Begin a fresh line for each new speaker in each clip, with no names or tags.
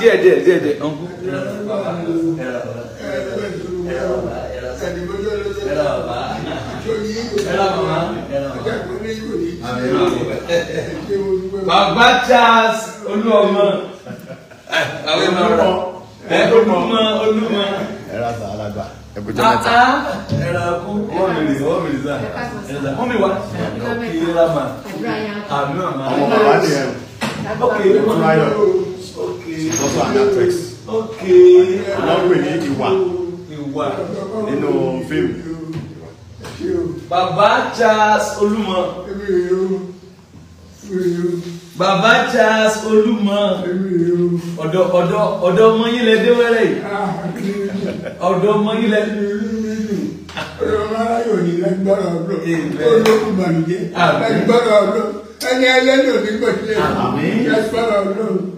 díẹ̀ díẹ̀ díẹ̀ díẹ̀ ọ̀nkú. bàbá Charles olúọmọ eh, àwọn ọmọ rẹ eh, olúmọ olúmọ. ẹ̀rọ sàn alágbà ẹ̀bùjọ́ mẹ́ta. ẹ̀rọ kú wọ́n mi rìn wọ́n mi rìn sáà ẹ̀rọ wọ́n mi wá kí ẹ̀rọ mà àmì àmà. ọmọ bàbá ni ẹ̀ ok she also an actress. okay wọ́n pè ní ìwà You know film. bàbá Charles Olúmọ. bàbá Charles Olúmọ. ọ̀dọ̀ ọ̀dọ̀ ọ̀dọ̀ ọmọ yín lẹ dé wẹ́rẹ́ yìí. ọ̀dọ̀ ọmọ yín lẹ.
ọlọ́mọ yóò ní lágbára ọ̀dọ̀ olókùn bàmíjẹ́ lágbára ọ̀dọ̀ ẹni ẹlẹ́nu ò ní gbọ̀dọ̀ lágbára ọ̀dọ̀.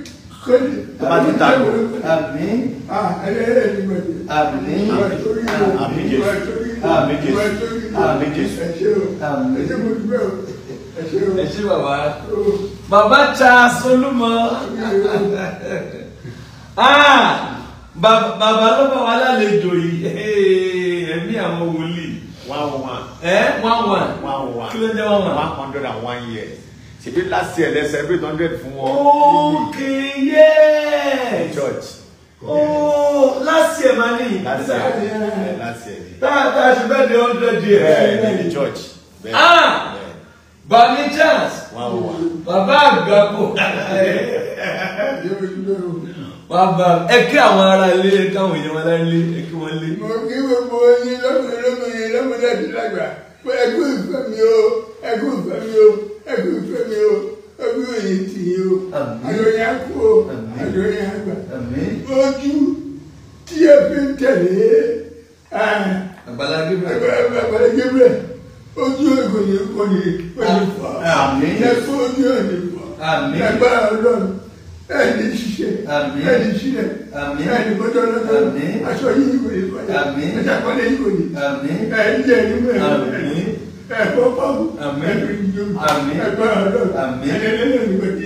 tó bá ti tako àmín
àmín àmín Jésù àmín Jésù àmín Jésù àmín. ẹ ṣé bàbá bàbá Charles Olúmọ bàbá ló bá wa lálejò yìí ẹ̀mí àwọn wòlíì. one one. ẹ one one. one one. kí ló ń jẹ́ one one. one hundred and one years ṣèbí last year lẹ celebrate hundred fún wọn. okay yes church. oh last year mani. last
year last
year. táàtà ṣe bẹ́ẹ̀ di hundred years. bẹ́ẹ̀ ni church. ah bani chance. bàbá àgbàpọ̀ bàbá ẹ kí àwọn ará ilé káwọn èèyàn wọn láyé ẹ kí wọn lé. mo
kí gbogbo yín lọ́kùnrin lọ́kùnrin lọ́kùnrin àti lágbà pé ẹ kú ìfẹ́ mi o ẹ kú ìfẹ́ mi o. ẹdùnkẹ́lẹ́ é é o ẹbí òye tì í o àjọyìn àpò
àjọyìn àgbà
ojú tí ẹ fi ń
tẹ̀lé Àgbàlá
Gabriel ojú ìkòyè kòyè pẹ̀lú fà lẹ́fọ́ ojú òní fà lágbára ọlọ́run ẹni ṣiṣẹ́ ẹni ṣiṣẹ́ ẹni gbọ́dọ̀ lọ́dọ̀ aṣọ yìí kòyè fà ẹ̀ṣẹ̀ kọ́lé yìí kòyè ẹ̀ẹ́dì ẹ̀rí mẹ́rin. ẹ̀kọ́ pọ́ọ̀mù ẹ̀rí ìjọba ẹ̀kọ́ ọ̀dọ́ ẹ̀lẹ́lẹ́lẹ́ ìgbẹ́jì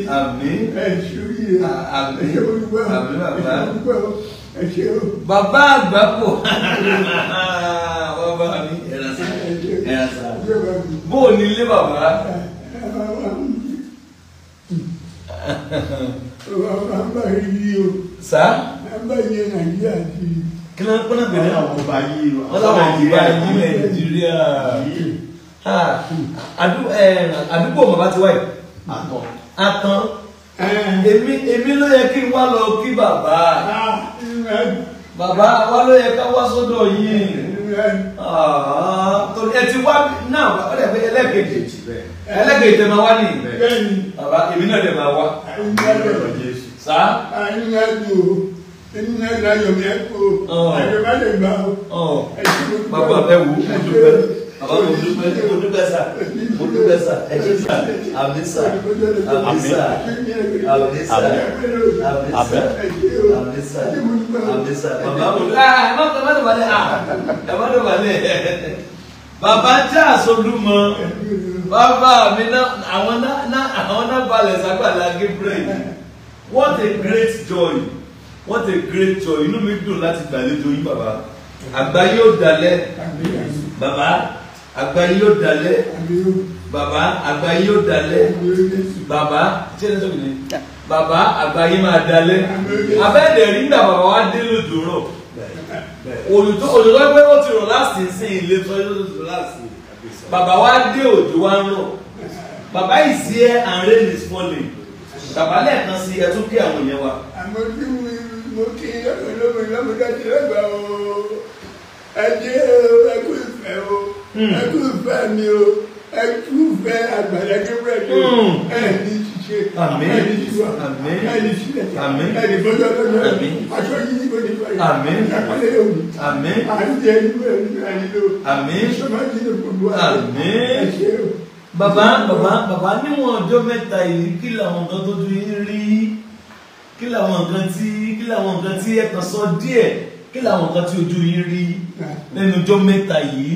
ẹ̀ṣúyè ẹ̀ṣẹ́ olúwa ẹ̀ṣẹ́ olúwa ẹ̀ṣẹ́ o. bàbá àgbà pò bàbá mi ẹ̀rà sá ẹ̀rà sá bó o nílé bàbá. bàbá ń bá yí o. sá.
ń bá yí nàìjíríà ti.
kí ló ń pọ́nà bẹ̀rẹ̀ àwọn ọba yìí o. ọlọ́wọ́ ọba yìí nàìjíríà. Ah, eh, àdúgbò bàbá ti wáyé àtàn eh. èmi èmi ló yẹ kí n wá lọ kí bàbá ah,
eh.
bàbá wa ló yẹ ká wá sọ́dọ̀ yìí ah, torí ẹ ti wá náà ó dẹ̀ pé ẹlẹ́gẹ̀dẹ̀ ẹlẹ́gẹ̀dẹ̀ tẹ máa wá ní ìbẹ̀ bàbá èmi náà dẹ̀ máa wá
sá. àyìnbá tó inú náà láyọ̀ mi ẹ̀ kó àyẹ̀bá lè gbà
oh. ó. bàbá ẹ wò ó dúpẹ́ bàbá mo dúpẹ́ mo dúpẹ́ sà mo dúpẹ́ sà ẹ ṣé sà àmì sà àmì sà àmì sà àmì sà àmì sà àmì sà bàbá mo dúpẹ́ ah, ẹ má tó má tó balẹ̀ ẹ má tó balẹ̀ ah, bàbá jẹ́ àsọdúnmọ́ bàbá mi náà àwọn náà àwọn náà balẹ̀ sàgbàlá Gabriel what a great joy what a great joy inú mi dùn láti gbàlejò yín bàbá àgbáyé ò dalẹ̀ bàbá àgbáyé yóò dalẹ̀ bàbá àgbáyé yóò dalẹ̀ bàbá jẹ́rẹ́ sọ́kì ni bàbá àgbáyé máa dalẹ̀ abẹ́ẹ̀dẹ̀ rí nígbà bàbá wa dé lódò rọ̀ olùtọ́ olùtọ́ pé ó ti rọ̀ láti sìn ilé tó yóò tó láti bàbá wa dé òjò wa rọ̀ bàbá yìí sí ẹ and rain is falling bàbá lẹ́ẹ̀kan sí ẹ tún kí àwọn yẹn wa.
àmọ́ bí mo kí lọ́mọdé lọ́mọdé lọ́mọdé lọ́gbà o ẹ jẹ́ ẹ kú ìfẹ́ o. Hmm. ẹ tún fẹ́ mi o ẹ tún fẹ́ Àgbàlá Gabriel
mi o hmm. ẹ ní ṣiṣẹ́ ẹ ní ṣiṣẹ́ ẹ ní ṣiṣẹ́ ẹ ní bọ́jọ́ lọ́jọ́ aṣọ yìí ní bọ́jọ́ lọ́jọ́ ìyàpálẹ̀ yóò wù àríjẹ inú ẹ ní àyílò ìṣọ́mọ́jì ní gbogbo ẹ ṣe o. bàbá bàbá bàbá níwọ̀n ọjọ́ mẹ́ta yìí kí làwọn kan tó tún yín rí kí làwọn kan tí kí làwọn kan tí ẹ kan sọ díẹ̀ kí làwọn kan tí ojú yín rí lẹ́nu ah. ọjọ́ mẹ́ta yìí.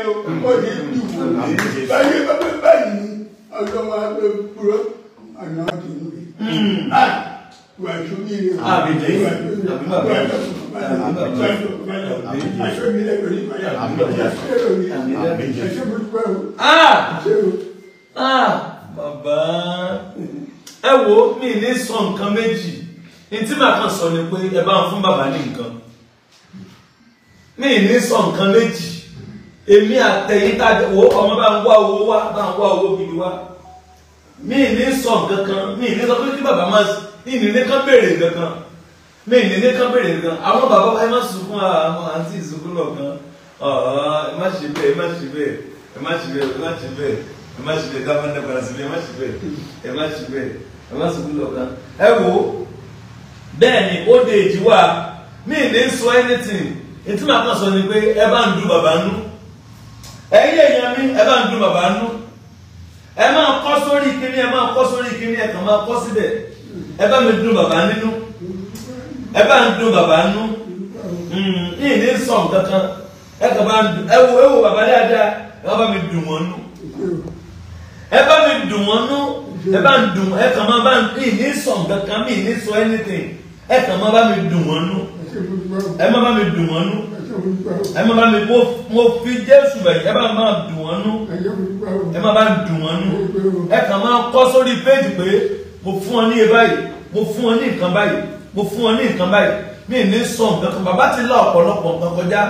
yẹn o
ó ní dùbò
ní
báyé bábá báyìí ọjọ́ máa lọ kúrò àná ti mú mi.
wà á tún yìí wà á tún yìí wà á tún yìí wà á tún yìí wà á tún yìí wà á tún yìí lẹ́gbẹ̀ẹ́ ní báyà wà á tún yìí lẹ́gbẹ̀ẹ́ ní báyà ṣé mo dúpẹ́ o. ṣé o. bàbá ẹ wo mi ní sọ nǹkan méjì ní tí màá kàn sọ ni pé ẹ bá ń fún bàbá ní nǹkan mi ní sọ nǹkan méjì. èmi àtẹ̀yìn tá wo ọmọ bá ń wá owó wá bá ń wá owó gidi mi ní sọ nǹkan kan mi ní sọ pé kí bàbá máa ní ní kán nǹkan kan mi ní ní kán nǹkan àwọn bàbá wa ẹ má sunkún àwọn àǹtí ìsunkún lọ̀kan ẹ má ṣe bẹ́ẹ̀ ẹ má ṣe bẹ́ẹ̀ ẹ má ṣe bẹ́ẹ̀ ẹ má ṣe bẹ́ẹ̀ ẹ má ṣe bẹ́ẹ̀ ẹ má ṣe bẹ́ẹ̀ ẹ má ṣe bẹ́ẹ̀ ẹ má sunkún lọ̀kan ẹ bẹ́ẹ̀ ni ó ní sọ anything ni pé ẹ bá ẹ̀yin èèyàn mi ẹ bá ń dún bàbá ń dún ẹ máa kọ́ sórí kíní ẹ máa kọ́ sórí kíní ẹ kàn máa kọ́ síbẹ̀ ẹ bá mi dún bàbá nínú ẹ bá ń dún bàbá nínú yìí hmm, ní sọ̀n kankan ẹ kàn bá ń dún ẹ wo ẹ wo bàbá dáadáa ẹ bá mi dùn wọn nú ẹ bá mi dùn wọn nú ẹ bá ń dùn ẹ kàn máa bá yìí ní sọ̀n kankan mi ní sọ anything ẹ kàn máa bá mi dùn wọn nú ẹ máa bá mi dùn wọn nú ẹ máa bá mi mo mo fi jésù bẹ̀yẹ̀ ẹ bá mi máa dùn wọ́n nú ẹ máa bá mi dùn wọ́n nú ẹ kàn máa kọ́ sórí péjì pé mo fún ọ ní iye báyìí mo fún ọ ní nǹkan báyìí mo fún ọ ní nǹkan báyìí mi ní sọ nǹkan kan bàbá ti lá ọ̀pọ̀lọpọ̀ nǹkan kọjá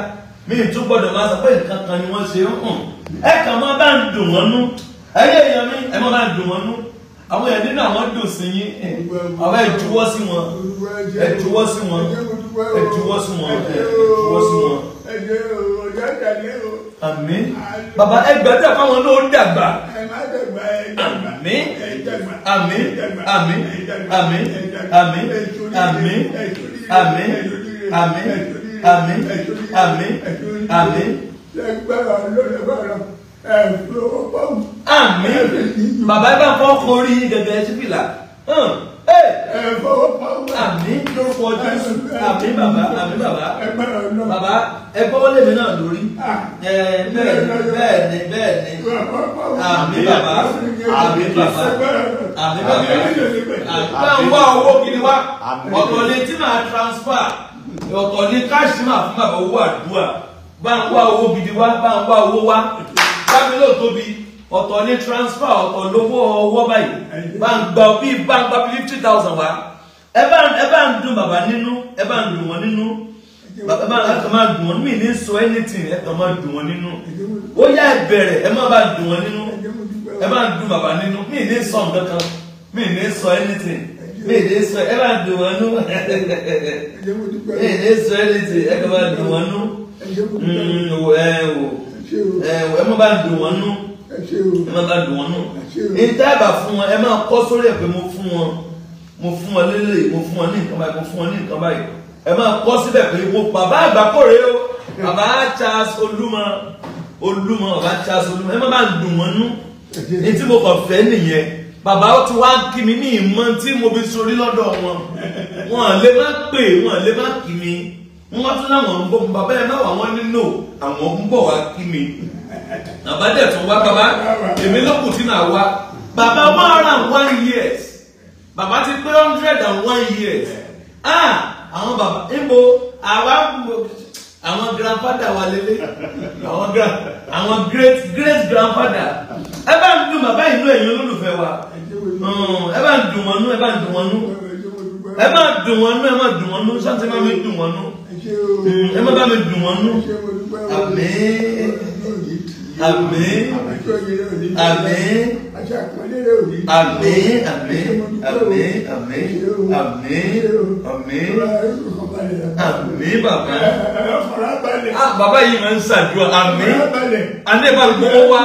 mi tún gbọ́dọ̀ máa sọ pé nǹkan kan ni wọ́n ṣe ń hàn ẹ kàn máa bá ń dùn wọ́n nú ẹ̀yẹ́ èèyàn mi ẹ máa bá dùn wọ́n nú àwọn èèyàn nínú àwọn dùn sí yín àwọn ẹ̀júwọ́ sí wọn ẹ̀júwọ́ sí wọn ẹ̀júwọ́ sí wọn ẹ̀júwọ́ sí wọn. àmín bàbá ẹgbẹ́ tẹ̀ fáwọn náà ń dàgbà àmín àmín àmín àmín àmín àmín àmín àmín
àmín àmín àmín. lẹ́gbẹ̀rún ló lè bọ̀rọ̀ ẹ̀ fún owó pọ́ùn
àmì bàbá ibà fọ́ kórí gẹ́gẹ́ sípìlà àmì lórúkọ jésù àmì bàbá àmì bàbá bàbá ẹgbọ́n lèmi náà lórí bẹ́ẹ̀ni bẹ́ẹ̀ni bẹ́ẹ̀ni àmì bàbá àmì bàbá àmì bàbá àgbà ń wá owó kiri wá ọ̀tọ̀ ni tí màá transfer ọ̀tọ̀ ni káàsì máa fún bàbá owó àdúrà bá ń wá owó gidi wá bá ń wá owó wá bá mi lóò tóbi ọ̀tọ̀ ní transfer ọ̀tọ̀ lówó ọwọ́ báyìí bá ń gba bí bá ń gba fifty thousand wá ẹ bá ẹ bá ń dùn bàbá nínú ẹ bá ń dùn wọn nínú bàbá bá ẹ kàn máa dùn wọn mí ní sọ anything ẹ kàn máa dùn wọn nínú ó yá ẹ bẹ̀rẹ̀ ẹ má bá dùn wọn nínú ẹ bá ń dùn bàbá nínú mí ní sọ nǹkan kan mí ní sọ anything mí ní sọ ẹ bá dùn wọn nú mí ní sọ anything ẹ kàn máa dùn wọn nú hmm, ẹ wò ẹ wò ẹ má bá dùn wọn nú ẹ má bá dùn wọn nù ní dábà fún wọn ẹ má kọ́ sórí ẹ̀ pé mo fún wọn mo fún wọn lélẹ̀ mo fún wọn ní nǹkan báyìí mo fún wọn ní nǹkan báyìí ẹ má kọ́ síbẹ̀ pé mo bàbá àgbákòrè o bàbá Charles Olúmọ Olúmọ bàbá Charles Olúmọ ẹ má bá dùn wọn nù ní tí mo kàn fẹ́ nìyẹn bàbá ó ti wá kí mi ní ìmọ̀ tí mo fi sorí lọ́dọ̀ wọn wọn lè má pè wọn lè má kí mi wọ́n tún láwọn ń bọ̀ bàbá ẹ mẹ́wàá wọn ní no àwọn ń bọ̀ wá kí mi bàbá dẹ̀ tún wá bàbá èmi lọ́kùn tí náà wá
bàbá one hundred and
one years bàbá ti pé hundred and one years ah àwọn bàbá níbo àwa àwọn grandfather wa lélẹ̀ àwọn grand àwọn great great grandfather ẹ bá ń dùn bàbá ìlú ẹ̀yin olólùfẹ́ wa hmm, ẹ bá ń dùn wọn nú ẹ bá ń dùn wọn nú ẹ bá ń dùn wọn nú ẹ má dùn wọn nú sọ́ńtì má mi dùn wọn nú ẹ má bá mi dùn wọn nù àmín àmín àmín àmín àmín àmín
àmín àmín
àmín àmín bàbá ah, bàbá yìí máa ń ṣàdúrà àmín àdébàlùkọ́ wá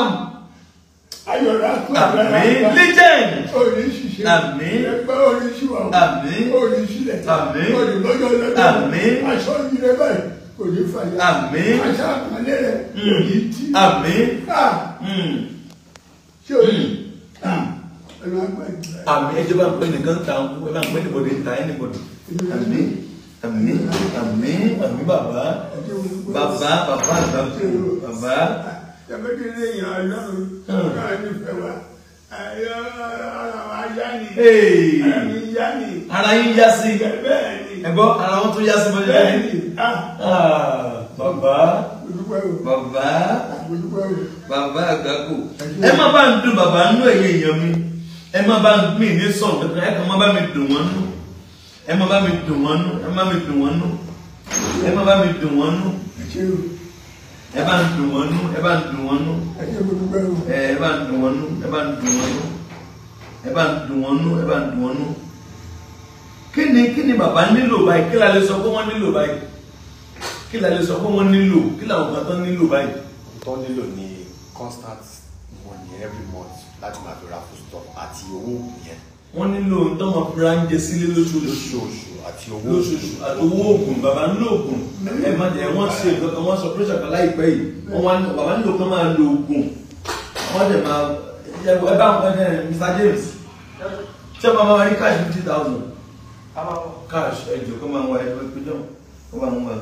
ayọ̀rọ̀ àgbàrá legend oríṣiṣẹ́ ẹgbẹ́ oríṣiwà oríṣilẹ̀ olùlọ́jọ́ lọ́jọ́ aṣọ ìrẹ́ báyìí kò ní fàyà
aṣọ àpàlẹ́ rẹ̀ kò hmm. ní tí hmm. ṣé o ní hmm.
ẹ̀rọ àgbàjọ.
àmì ẹjọ́ bá ń pè nìkan ta ẹ bá ń pè nìbọdè ta ẹ nìbọdè àmì àmì àmì àmì bàbá bàbá bàbá bàbá tẹ̀mẹ́tì lè yàn án lọ́rùn
náà nífẹ̀ẹ́ wa
ara yín yá sí ẹgbọ́ ara wọn tún yá sí bọ́lẹ̀ bẹ́ẹ̀ni ah. Ah, bàbá bàbá bàbá àgbákò ẹ má bá ń dùn bàbá nínú ẹ̀yẹ èèyàn mi ẹ má bá mi ní sọ̀rọ̀ ẹ kàn má bá mi dùn wọ́n nú ẹ má bá mi dùn wọ́n nú ẹ má mi dùn wọ́n nú ẹ má bá mi dùn wọ́n nú ẹ bá ń dùn wọn nú ẹ bá ń dùn wọn nú ẹ bá ń dùn wọn nú ẹ bá ń dùn wọn nú ẹ bá ń dùn wọn nú ẹ bá ń dùn wọn nú kí ni kí ni bàbá nílò báyìí kí la sọ pé wọ́n nílò báyìí kí la sọ pé wọ́n nílò kí làwọn kan tán nílò báyìí. tó nílò ni constant money every month láti máa fi ra foodstuff àti owó yẹn wọ́n nílò tọ́mọ fúnra ń jẹ sílé lóṣooṣù àti owó lóṣooṣù àti owó oògùn bàbá ń lo oògùn ẹ má jẹ wọ́n ṣe nǹkan wọ́n sọ pírẹ́sà kan láìpẹ́ yìí wọ́n wá bàbá nílò kan máa lo oògùn wọ́n dẹ̀ máa ẹ bá wọn ẹ Mr James ṣé bàbá wa ní cash fifty thousand cash ẹjọ kó máa wá ẹgbẹ́ pé jọ kó bá ń wá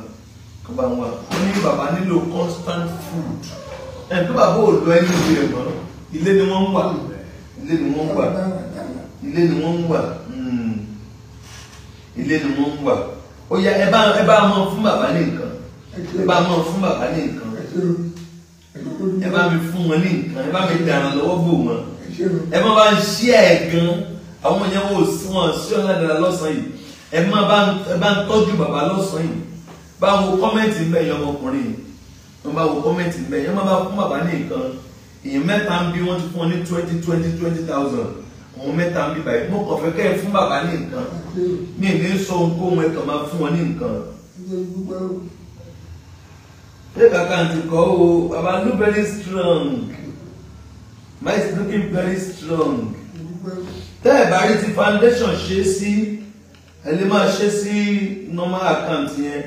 kó bá ń wá ó ní bàbá nílò constant food ẹ̀ tó bàbá ò lọ ẹni ìwé ẹ̀ mọ́ ilé ni wọ́n wà ilé ni wọ́n wà ilé ni wọ́n ń wà hmm. ilé ni wọ́n ń wà ó yá ẹ bá ẹ bá mọ fún bàbá ní nǹkan ẹ bá mọ fún bàbá ní nǹkan ẹ bá mi fún wọn ní nǹkan ẹ bá mi dànù lọ́wọ́ bò wọn ẹ má bá ń ṣí ẹ̀ gan àwọn yẹn wò sí wọn sí ọ̀nà dára lọ́sàn yìí ẹ má bá ń tọ́jú bàbá lọ́sàn yìí bá wo kọ́mẹ́ǹtì ń bẹ̀ yẹn ọmọkùnrin yìí wọ́n bá wo kọ́mẹ́ǹtì ń bẹ̀ yẹn má bá fún bàbá ní nǹkan èèyàn mẹ́ta ń bí wọ́n ti fún ọ ní twenty twenty twenty thousand òun mẹ́ta ń bíbá yìí mo kàn fẹ́ kẹ́ ẹ fún bàbá ní nǹkan mi ní sọ ohunkóhun ẹ máa fún wọn ní nǹkan. ṣé kàkà ń ti kọ́ o bàbá look very strong my is looking very strong tẹ́ ẹ̀ bá rí ti foundation ṣe sí ẹ lè máa ṣe sí normal account yẹn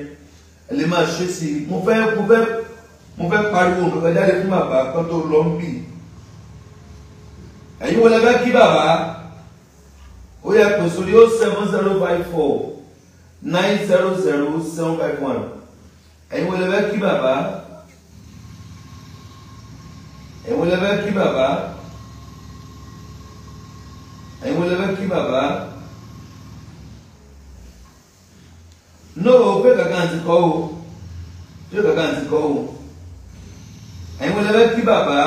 ẹ lè máa ṣe sí mo fẹ́ mo fẹ́ mo fẹ́ pariwo nǹkan jáde fún bàbá kan tó lọ ń bì í ẹ̀yin wọlé bẹ́ẹ̀ kí bàbá ó yẹ kó sórí ó seven zero five four nine zero zero seven five one ẹ̀yin wọlé bẹ́ẹ̀ kí bàbá ẹ̀yin wọlé bẹ́ẹ̀ kí bàbá ẹ̀yin wọlé bẹ́ẹ̀ kí bàbá nóò pé kankan ti kọ́ o pé kankan ti kọ́ o ẹ̀yin wọlé bẹ́ẹ̀ kí bàbá.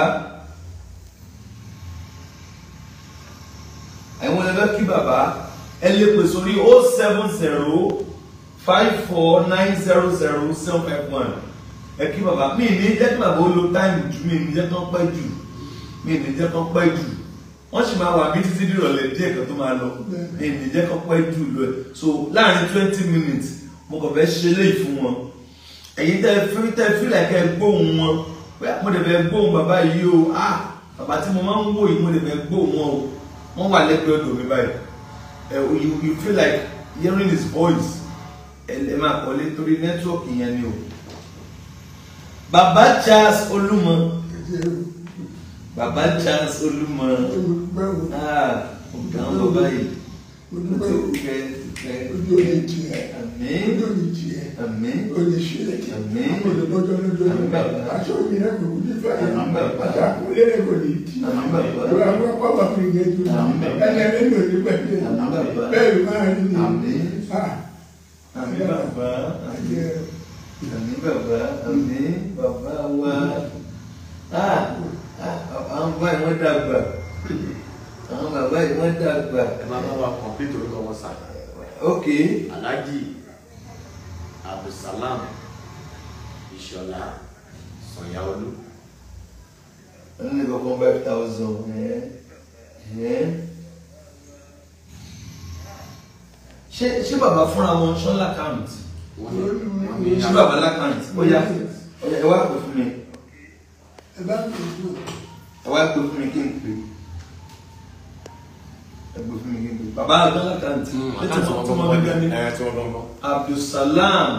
ẹ̀wọ̀n lẹ́fẹ́ kí bàbá ẹ lè pè sórí o oh seven zero five four nine zero zero seven five one ẹ kí bàbá mi ní jẹ́ kí bàbá ó lo táìmù jù mi ní jẹ́ kí pẹ́ jù mi ní jẹ́ kí pẹ́ jù wọ́n sì máa wà bí títí dìrọ̀lẹ́ díẹ̀ kan tó máa lọ mi ní jẹ́ kí pẹ́ jù lọ so láàrin twenty minutes mo kàn fẹ́ ṣe léyìí fún wọn ẹ̀yin tẹ́ fi tẹ́ fi lẹ́kẹ́ gbóhùn wọn mo dẹ̀ fẹ́ gbóhùn bàbá yìí o ah bàbá tí mo máa ń wò yìí mo dẹ̀ fẹ́ gbóhùn wọn o wọ́n wà lẹ́gbẹ̀ẹ́ ọ̀dọ̀ mi báyìí you you feel like hearing his voice ẹ máa kọ́lé torí nẹ́tíwọ̀kì yẹn ni o. baba Charles Olúmọ baba Charles Olúmọ ah ọ̀gá ń lọ báyìí ó
ojú ò ní tiẹ̀ ojú ò ní tiẹ̀ ò ní ṣe kò lè lọ́jọ́ lọ́jọ́ aṣọ omi náà kò ní fẹ́ àti àkúlé rẹ̀ kò ní ti ìwà àwọn pàpà fi yẹ tó ẹni ẹni ò ní pẹ̀lú bẹ́ẹ̀ máa rí ni àmì
bàbá àmì bàbá àmì bàbá wa àwọn bàbá yìí wọ́n dàgbà àwọn bàbá yìí wọ́n dàgbà ok alhaji abdulsalam ìṣọlá sọyàolú. wọ́n ní kankan five thousand ṣé ṣé bàbá fúnra wọn ṣán lákàntì ṣé bàbá lákàntì ó yá ẹ wá pè fún mi ẹ wá pè fún mi kí n pè é ẹgbẹ́ fún mi níbi bàbá Abdulsalam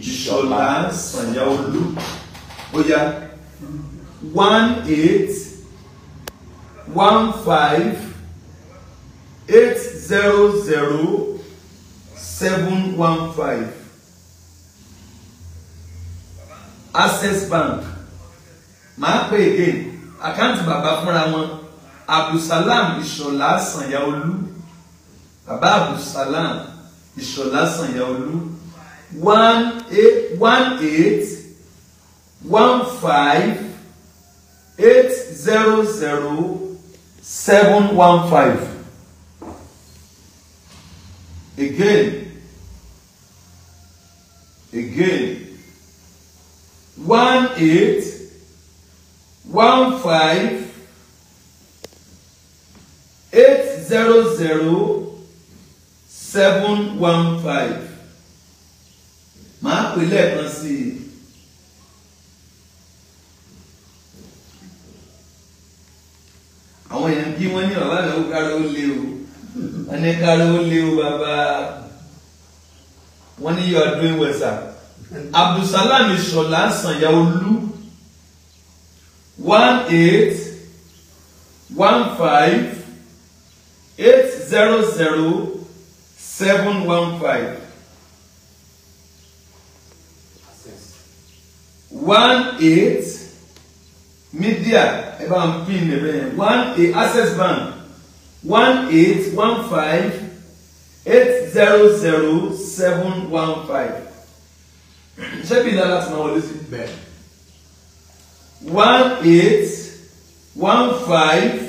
Ìṣọ̀lá Sanyaolu ó oh, one eight one five eight zero zero seven one five Access Bank máa pè again Account bàbá fúnra wọn abdulsalam ìṣọ̀lá sànyàolú bàbá abdulsalam ìṣọ̀lá sànyàolú one eight one eight one five eight zero zero seven one five again again one eight one five zero zero seven one five màá pè lẹ́ẹ̀kan sí i. àwọn èèyàn bí wọ́n ní bàbá rẹ̀ ó kára ó lé o wọ́n ní kára ó lé o bàbá wọ́n ní yọ ọdún ìwẹ̀sà Abdulsalam Ìṣọ̀lá Sànyà Olú one eight one five zero zero seven one five one eight media ẹ bá ń pin ẹ bẹ́ẹ̀ one eight access bank one eight one five eight zero zero seven one five ṣé bí ìlànà láti máa wọlé sí bẹ́ẹ̀ one eight one five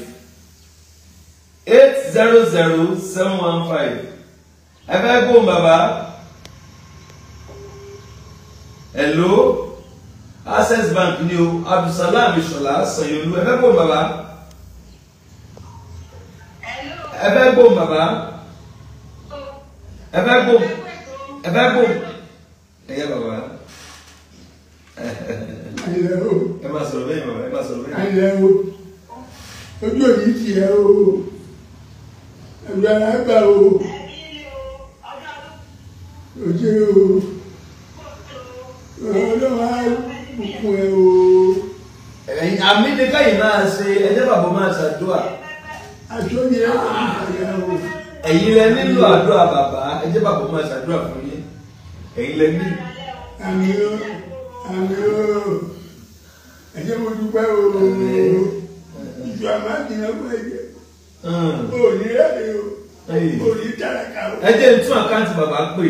eight zero zero seven one five ẹ fẹ́ gbóhùn bàbá hello access bank ni o abdulsalam ishola sanyolu ẹ fẹ́ gbóhùn bàbá ẹ fẹ́ gbóhùn bàbá ẹ fẹ́ gbóhùn ẹ fẹ́ gbóhùn ẹ yẹ bàbá ẹ máa sọ̀rọ̀ bẹ́ẹ̀ bàbá ẹ máa sọ̀rọ̀ bẹ́ẹ̀.
ojú òní ti yẹ o ẹ̀rù ara ẹ̀bà o
òjì o ọlọ́run á bùkún ẹ o. ẹ̀yin àmì ni káyìn máa ṣe ẹjẹ́ bàbá máa ṣàdúrà.
àjọ yẹn ló ń bàyà o.
ẹ̀yin lẹ nílò àdúrà bàbá ẹjẹ́ bàbá máa ṣàdúrà fún yín ẹ̀yin lẹ ní.
àmì o àmì o ẹ̀jẹ̀ mo dúpẹ́ o ìjọ àmàdìyàn fún ẹ̀jẹ̀. Hmm. òní rẹ́mi
o òní tàràkà o. ẹ jẹ́ tún àkáǹtì bàbá pè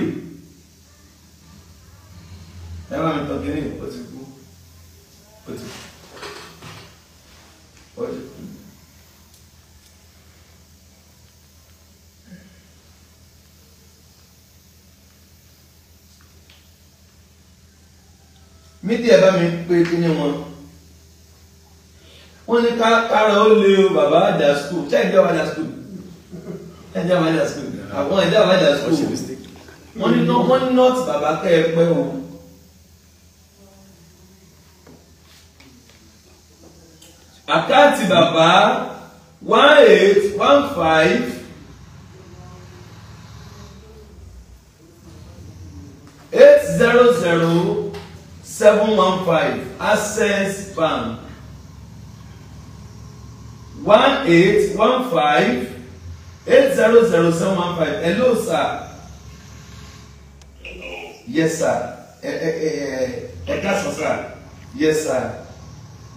ẹ bá mi tọ́ kí ni ó ti kú ó ti kú ó ti kú. mídíà bá mi pé kí ni wọn wọ́n ní kára ó lé o bàbá àdà skul tẹ́ẹ̀dá wàdà skul tẹ́ẹ̀dá wàdà skul àwọn ẹ̀dá wàdà skul wọ́n ní wọ́n ní nọ́ọ̀tì bàbá kẹ́ ẹ pẹ́ o. àkáǹtì bàbá one eight one five eight zero zero seven one five access bank one eight one five eight zero zero seven one five hello sir. hello. yes sir ẹ ẹ ẹ ẹ ẹ ká sọ sir yes sir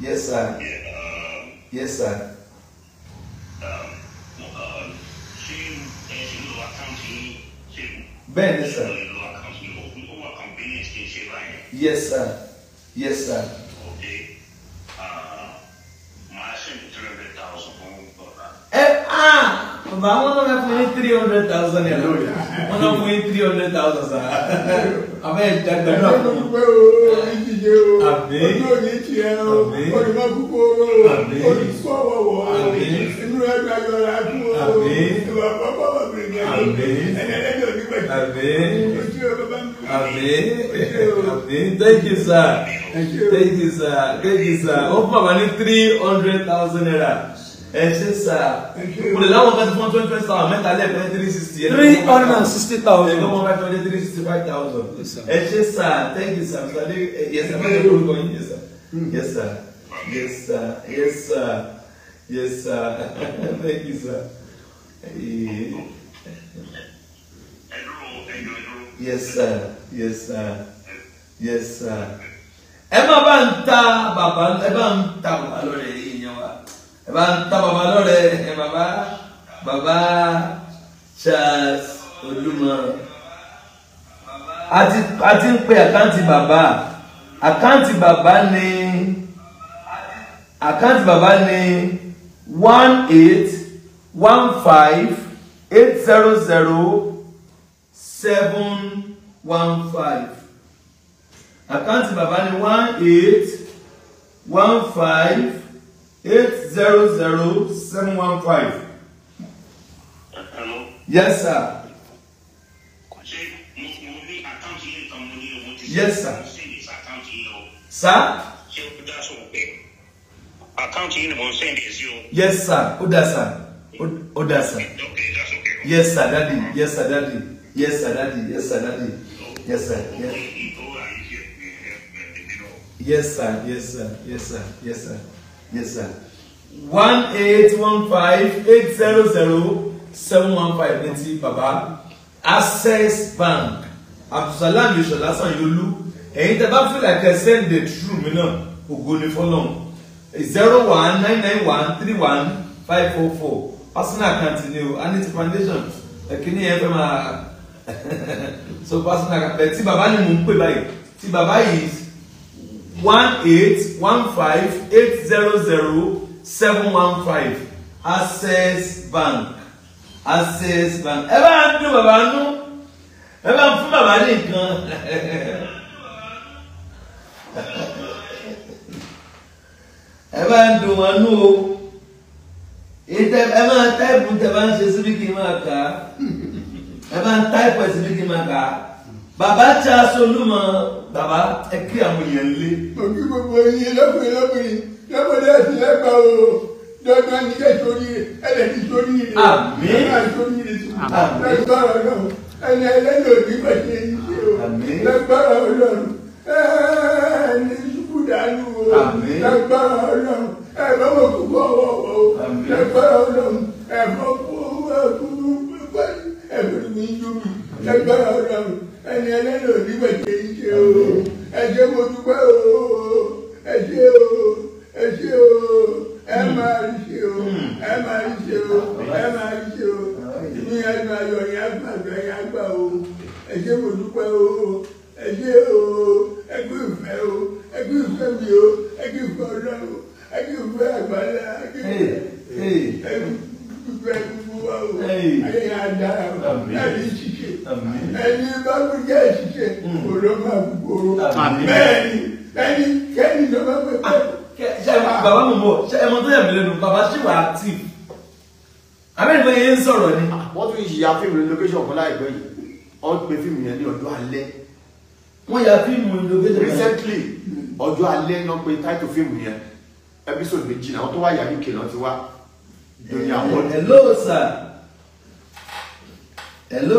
yes sir yeah, um, yes sir. bẹ́ẹ̀ ni sir. yes sir yes sir. Màá wọn náà fẹ́ fún yín three hundred thousand yẹn Amen. Amen. Amen. Amen. Amen. Amen. Amen. Amen. Amen. Amen. Amen. Amen. Amen. Amen. pé o ìjì yé o. Àbí. Ojú òní ti ẹ o. Àbí. Olùmọ̀ púpọ̀ o. Àbí. Olùsọ wọ̀wọ̀ o. Àbí. Inú ẹgbẹ́ ayọ̀ la dùn o. Àbí. Ìwà pápá wà bí ìgbà. Àbí. Ẹ̀ẹ́dẹ́gbẹ́ òní pẹ̀. Àbí. Ojú ẹ̀ bàbá mi. Àbí. Àbí. Thank you sir. Thank you sir. Thank you sir. Ó fún bàbá ní three hundred thousand naira ẹ ṣe sà mo lè láwọn fẹ́ẹ́ fún twenty twenty thousand mẹ́ta lẹ́ẹ̀kan three sixty three hundred and sixty thousand ẹ̀ lọ́wọ́ five hundred three sixty five thousand ẹ ṣe sà thank you sir mr lee yes sir mẹ́ta ló yín yes sir hmm. yes sir yes sir thank you sir. yes sir yes sir yes sir ẹ má bá ń ta bàbá ẹ bá ń ta bàbá lọ́rẹ̀ yìí ẹ bá ń ta bàbá lọ́rẹ̀ ẹ bàbá bàbá Charles Olúmọ àti àti ń pe àkáǹtì bàbá àkáǹtì bàbá ni àkáǹtì bàbá ni one eight one five eight zero zero seven one five àkáǹtì bàbá ni one eight one five eight zero zero seven one five. yes sir. yes sir. sir. àkáǹtì yìí ni mò ń sẹ́ndì yes sir ó dà sà ó dà sà. yes sir yes sir daddy yes sir daddy yes sir daddy yes sir. yes sir yes sir yes sir yes sir. Yes, sir. one eight one five eight zero zero seven one five ní ti baba access bank abdulsalam yosola Yolu. ẹ̀yin tẹ́ bá fìlà kẹ́ send the true mi náà ògo ní fọlọ́n zero one nine nine one three one five four four personal account ni o anity foundation ẹ̀kíní yẹn fẹ́ máa so personal account tí baba ni mò ń pè báyìí tí baba yìí one eight one five eight zero zero seven one five access bank access bank ẹ bá ń dún bàbá nú ẹ bá ń fún bàbá ní nǹkan ẹ bá ń dùn wọn nú o ẹ máa táìpù tẹ bá ń ṣe síbí kí n máa kà á ẹ bá ń táìpù ẹ síbí kí n máa kà á bàbá tí a solúmọ bàbá ẹ kí àwọn èèyàn lé.
òbí gbogbo yín lọ́kùnrin lọ́kùnrin lọ́kùnrin àti lẹ́gbàá o dandan ní kẹ́ sórí ẹlẹ́ ti sórí rẹ̀ àmín ẹ̀ka sórí rẹ̀ ti lẹ́gbàá ọlọ́run ẹni ẹlẹ́ni òbí pàṣẹ yìí ṣe o lẹ́gbàá ọlọ́run ẹni sùkúù dànù o lẹ́gbàá ọlọ́run ẹ̀ lọ́wọ́ kókó ọwọ́ o lẹ́gbàá ọlọ́run ẹ̀ fọ́ kó ẹ̀kú ẹ̀fọ́ mi yóò ẹgbẹ́rún ọlọ́run ẹni ẹlẹ́nu ò ní yìí ṣe o ẹ mo dúpẹ́ o ẹ o ẹ o ẹ máa rí ṣe o ẹ máa rí ṣe o ẹ máa rí ṣe o ní ẹnu ayọ̀ yẹn àgbàdo ẹ̀yà àgbà o ẹ mo dúpẹ́ o ẹ o ẹ ìfẹ́ o ẹ ìfẹ́ mi o ẹ ìfẹ́ ọlọ́run ẹ ìfẹ́ àgbàlá ẹ ìfẹ́ gbogbo wa o ayé yà á ẹni bá ló jẹ́ ìṣiṣẹ́ hmm. kò ló máa gbòòrò bẹ́ẹ̀ ni ẹni kẹ́ni ló máa gbé ah, pẹ́. ṣe bàbá mi mọ
ṣe ẹmọ tó yà mí lẹ́nu bàbá ṣì wà active abẹ́rẹ́ ìfẹ́ yẹn ń sọ̀rọ̀ ni. Ah, wọ́n tún yà fíìmù relocation kan láìpẹ́ yìí wọ́n gbé fíìmù yẹn ní ọjọ́ alẹ́. wọ́n ya fíìmù relocation. recently ọjọ́ alẹ́ náà pé táìtò fíìmù yẹn episode méjì náà wọ́n tó wá yà uk náà ti wá doyin àwọn. hello sir hello.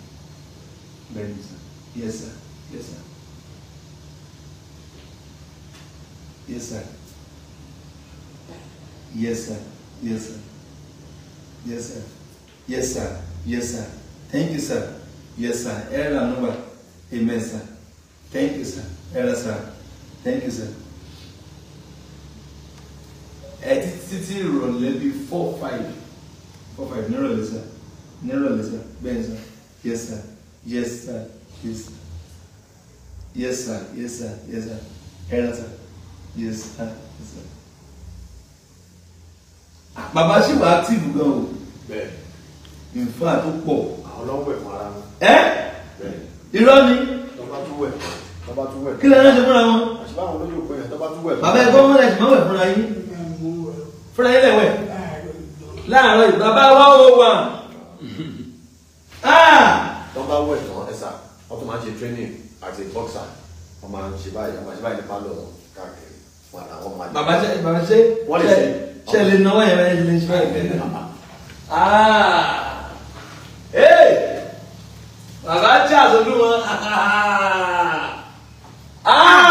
Benz. Yes, sir. Yes, sir. Yes, sir. Yes, sir. Yes, sir. Yes, sir. Yes, sir. Yes, sir. Thank you, sir. Yes, sir. Error number. Amen, sir. Thank you, sir. Error, sir. Thank you, sir. Ẹtí títí ìrọ̀lẹ́ bíi four five four five nírọ̀lẹ́ sir nírọ̀lẹ́ sir Ben sir yes sir. Yes, sir. Yes. Yes, sir. Yes, sir. Yes, sir. Ẹran sir. Yes, sir. Yes, sir. Ah, bàbá ṣì wà active gan o. Bẹ́ẹ̀. Nfa tó pọ̀. Àwọn ọlọ́wẹ̀ mọ ara wọn. Ẹ́. Bẹ́ẹ̀. ni. Tọ́ba tún wẹ̀. Tọ́ba tún wẹ̀. Kí lè rán ṣe fúnra wọn? Àṣìbá àwọn olóyè òpin yẹn tọ́ba tún wẹ̀. Bàbá ẹ̀gbọ́n mọ́lẹ̀ ṣì máa wẹ̀ fúnra yín. Fúnra yín lẹ̀ wẹ̀. Láàárọ̀ yìí. Bàbá wa ó wà. Ah! tó bá wẹ̀ tán ẹ̀sà wọ́n tún máa ṣe training àti boxer wọ́n máa ń ṣe báyìí wọ́n máa ṣe báyìí ní pálọ̀ káàkiri wọn làwọn máa. bàbá ṣe bàbá ṣe ṣe lè náwó yẹn bẹ́ẹ̀ lè ṣe bẹ́ẹ̀. bàbá ṣe àṣojú wọn. Ah!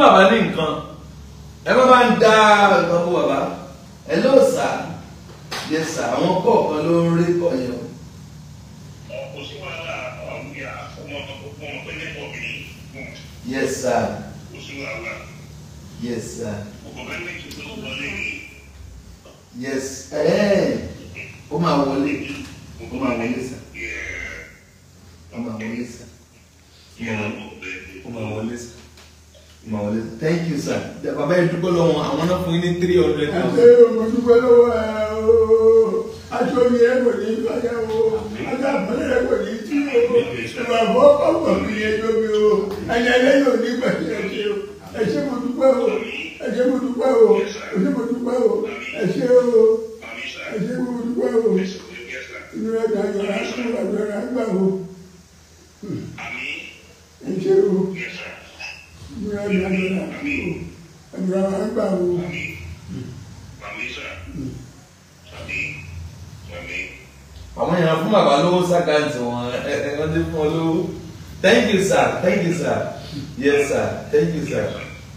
fún ní nǹkan ẹ má máa ń dá nǹkan fún bàbá ẹ ló sà yẹ sà àwọn kọ̀ọ̀kan ló ń rí pọ̀ yẹn o. kò sí wàhálà àwùyá ọmọ ọmọ pé nípa obìnrin. yes sir. kò sí wàhálà. yes sir. ọkọ̀ bẹ́ẹ̀ méjì tó wọlé ní. yes ẹ̀ẹ́ ó máa wọlé ó máa wọlé sí. bàbá yẹn dúpẹ́ lọ́wọ́ àwọn náà fún yín ní three hundred thousand. àti
èrò mo dúpẹ́ lọ́wọ́ ẹ o àjọyọ̀ yẹn kò ní bàjẹ́ o àti àbálẹ̀ yẹn kò ní tí o ìbàbọ̀ ọ̀pọ̀ kì í ẹjọ́ mi o ẹ̀yẹ lẹ́yìn òní pẹ̀lú ẹ̀ṣẹ̀ o ẹ̀ṣẹ̀ mo dúpẹ́ o ẹ̀ṣẹ̀ mo dúpẹ́ o.
èèyàn fún bàbá lówó thank you sir thank you sir yes sir thank you sir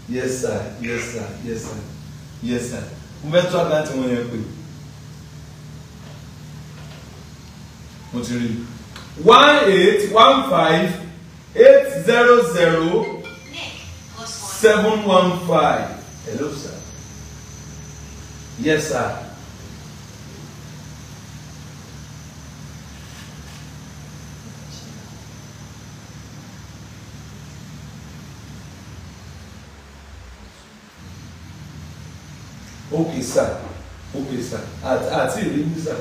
yes sir yes sir yes sir yes sir mo fẹ́ tún àkáǹtì wọn yẹn pè mo ti rí one eight one five eight zero zero seven one five hello sir yes sir. okay sir okay sir àti ìrírí sir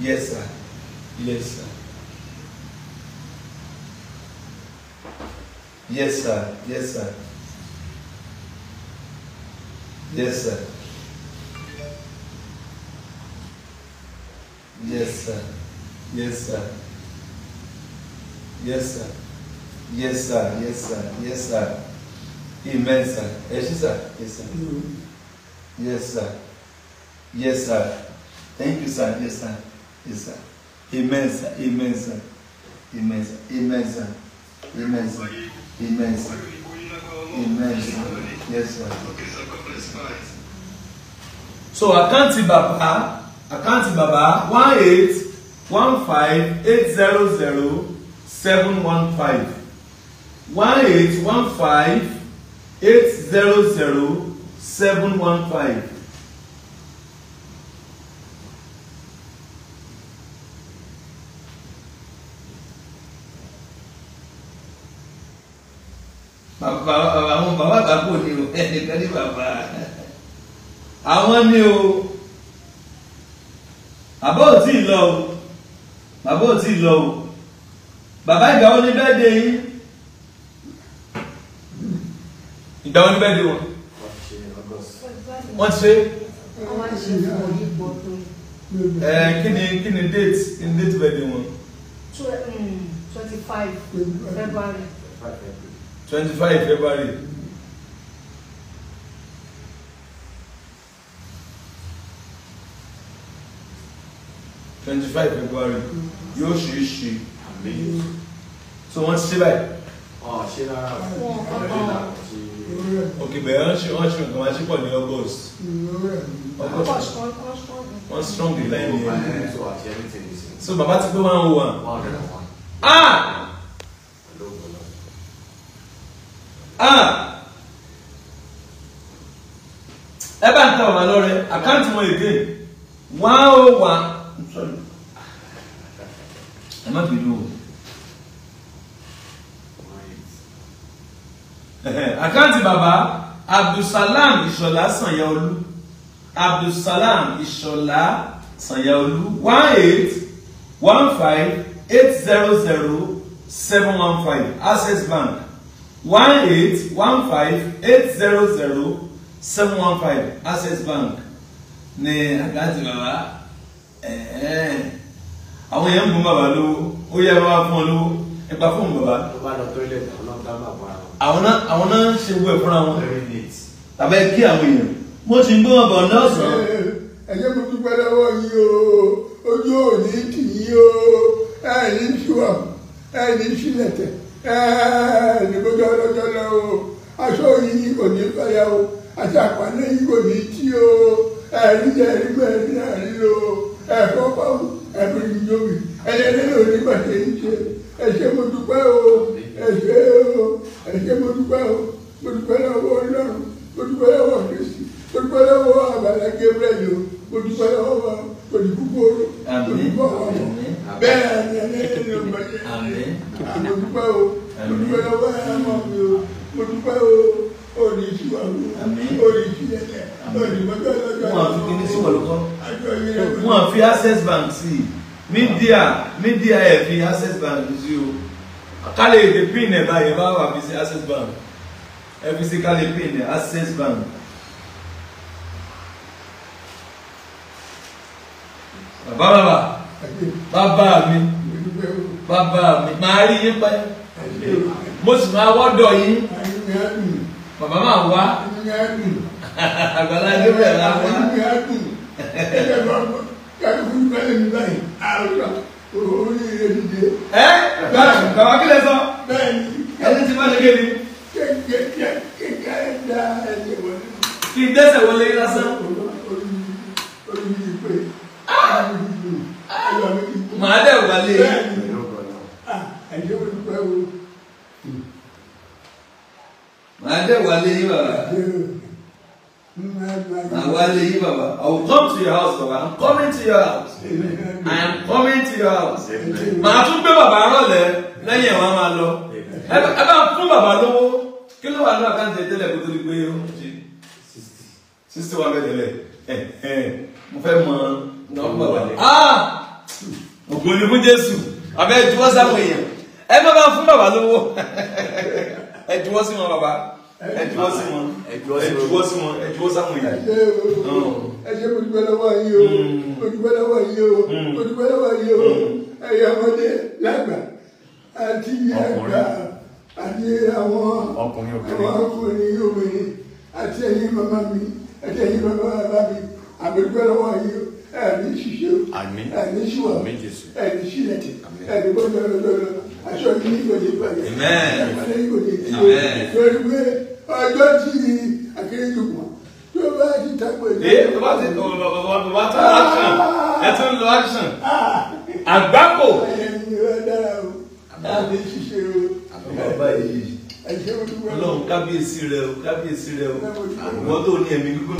yes sir yes sir yes sir yes sir yes sir yes sir yes sir yes sir yes sir yes sir yes sir amen sir ẹ ṣí sir yes sir. Mm -hmm. Yes, sir. Yes, sir. Thank you, sir. Yes, sir. Yes, sir. Amen, sir. Amen, sir. Amen, sir. Amen, sir. Amen, sir. Amen, sir. Amen, sir. Yes, sir. So àkáǹtì bàbá àkáǹtì bàbá one eight one five eight zero zero seven one five one eight one five eight zero zero seven one five. bàbá àwọn bàbá bàbá ò ní o ẹnìkan ní bàbá àwọn ní o bàbá ò tí ì lọ o bàbá ò tí ì lọ o bàbá ìgbà wo ni bẹ́ẹ̀ dé yín ìgbà wo ni bẹ́ẹ̀ dé wọn wọ́n ti ṣe ẹ kí ni kí ni date kí ni date birthday wọn.
Mm, twenty five February.
twenty five February. twenty five February yóò ṣe é ṣe so wọ́n ti ṣe báyìí. ọ̀ ṣe rárá o òkè bẹ̀rẹ̀ wọ́n ṣe wọ́n ṣe nǹkan máa ṣe pọ̀ ní august august wọ́n strong the line yẹn so bàbá ti pé one oh one ah ah ẹ bá ń tẹ ọ̀mà lọ́rẹ́ àkáǹtì wọn èdè one oh one ẹ má bínú o. àkáǹtì bàbá abdulsalam ìṣọ̀lá sànyàolú abdulsalam ìṣọ̀lá sànyàolú one eight one five eight zero zero seven one five access bank one eight one five eight zero zero seven one five access bank ní àkáǹtì bàbá àwọn èèyàn ń bọ́ bàbá lówó ó yẹ bàbá fún ọ lówó ẹ gba fóònù bàbá. ló bá lọ tó ilé ìdáná dá bàbá rẹ àwọn náà àwọn náà ń ṣe owó ẹ̀ fúnra wọn tàbí kí àwọn èèyàn mo ti ń gbé wọn bọ̀ lọ́sàn-án.
ẹ̀jẹ̀ mo dúpẹ́ lọ́wọ́ yìí o ojú òní kì í o ẹ̀ẹ́dì ṣùwà ẹ̀ẹ́dì ṣìlẹ̀tẹ̀ ẹ̀ẹ́dì gbogbo ọlọ́jọ́ náà o aṣọ yìí kò ní fẹ́yà o àti àpàlẹ yìí kò ní tí o ẹ̀ẹ́dì jẹ́ ẹ̀ẹ́dì gbẹ̀ẹ́dì àrí o ẹ̀ẹ́dì ìjọbi ẹ̀ẹ́dì ẹ ṣé o ẹ ṣé mo lọ́wọ́ ọlọ́run mo lọ́wọ́ kristi mo lọ́wọ́ àgbàlá gabriel o mo dúpẹ́ lọ́wọ́ olùkúkúrú olùkúkúrú bẹ́ẹ̀ ni ẹni ẹni ọgbẹ́ni mo dúpẹ́ o lọ́wọ́ ẹ̀rọ mi o mo dúpẹ́ òní ìṣúwà wo òní ìṣúyẹlẹ òní mọ́tò ọlọ́jọ́
àwọn ọmọ ká lè dé pin ẹ̀ báyìí bá wà fi sí access bank ẹ fi sí ká lè pin ẹ̀ e, access bank. bàbá bàbá bàbá mi bàbá mi màá rí yín pẹ́ mo sì máa wọ́dọ̀ yín bàbá máa wá àgbàlá ẹni bẹ̀rẹ̀ la oríire dìde. ẹ bàbá kílẹ̀ sọ.
bẹ́ẹ̀ni. ẹni tí wọ́n ṣe kéde. kéka ẹ da ẹsẹ̀ wọlé.
kí dẹ̀ wálé ah, yín bàbá.
I
want leave, Baba. I will come to your house, Baba. I'm coming to your house. I am coming to your house. Màá tún gbé bàbá rọ̀lẹ́ lẹ́yìn ẹ̀wọ̀n máa lọ. Ẹ bá fún bàbá lówó. Kí ló wà ní àkáǹtì tẹ́lẹ̀ kó tó di pé ó ń ṣe? Sísè wa bẹ́ẹ̀ Eh, Mo fẹ́ mọ nọ́ọ̀kú bàbá lẹ. Ah! Ògùn ni fún Jésù. Àbẹ́ ìdíwọ́ sáwọn èèyàn. Ẹ bá bá fún bàbá lówó. Ẹ ìdíwọ́ sí wọn bàbá ẹjúwọ́ sí wọn ẹjúwọ́ sí wọn ẹjúwọ́ sáwọn yìí.
ẹ ṣe olùgbẹ́ lọ́wọ́ yìí o hmm. olùgbẹ́ lọ́wọ́ yìí o hmm. olùgbẹ́ lọ́wọ́ yìí o hmm. ẹ̀yà ọmọdé lágbà àti àgbà àti àwọn ọkùnrin obìnrin àti ẹ̀yin màmá mi àti ẹ̀yin bàbá bàbá mi àgbẹ̀dúgbẹ́ lọ́wọ́ yìí o ẹ̀mí ṣiṣẹ́ ẹ̀mí ṣíwọ̀ ẹ̀mí ṣílẹ̀tì ẹ̀mí gbọ́dọ̀ lọ́dọ̀ aṣọ ìgbìyànjú ìgbàlẹ̀ ìgbàlẹ̀
ìgbàlẹ̀
ìgbàlẹ̀ ọjọ́ tí akérèdọ́gbọ̀n tó bá ti tako ìlú. ee bàbá ti tó
action ẹ lọ action
àgbákò. ẹni wá dára o àbí ṣíṣe o. àbábá yìí
kábíyèsí rẹ o kábíyèsí rẹ o àwọn tó ní ẹ̀mí gígùn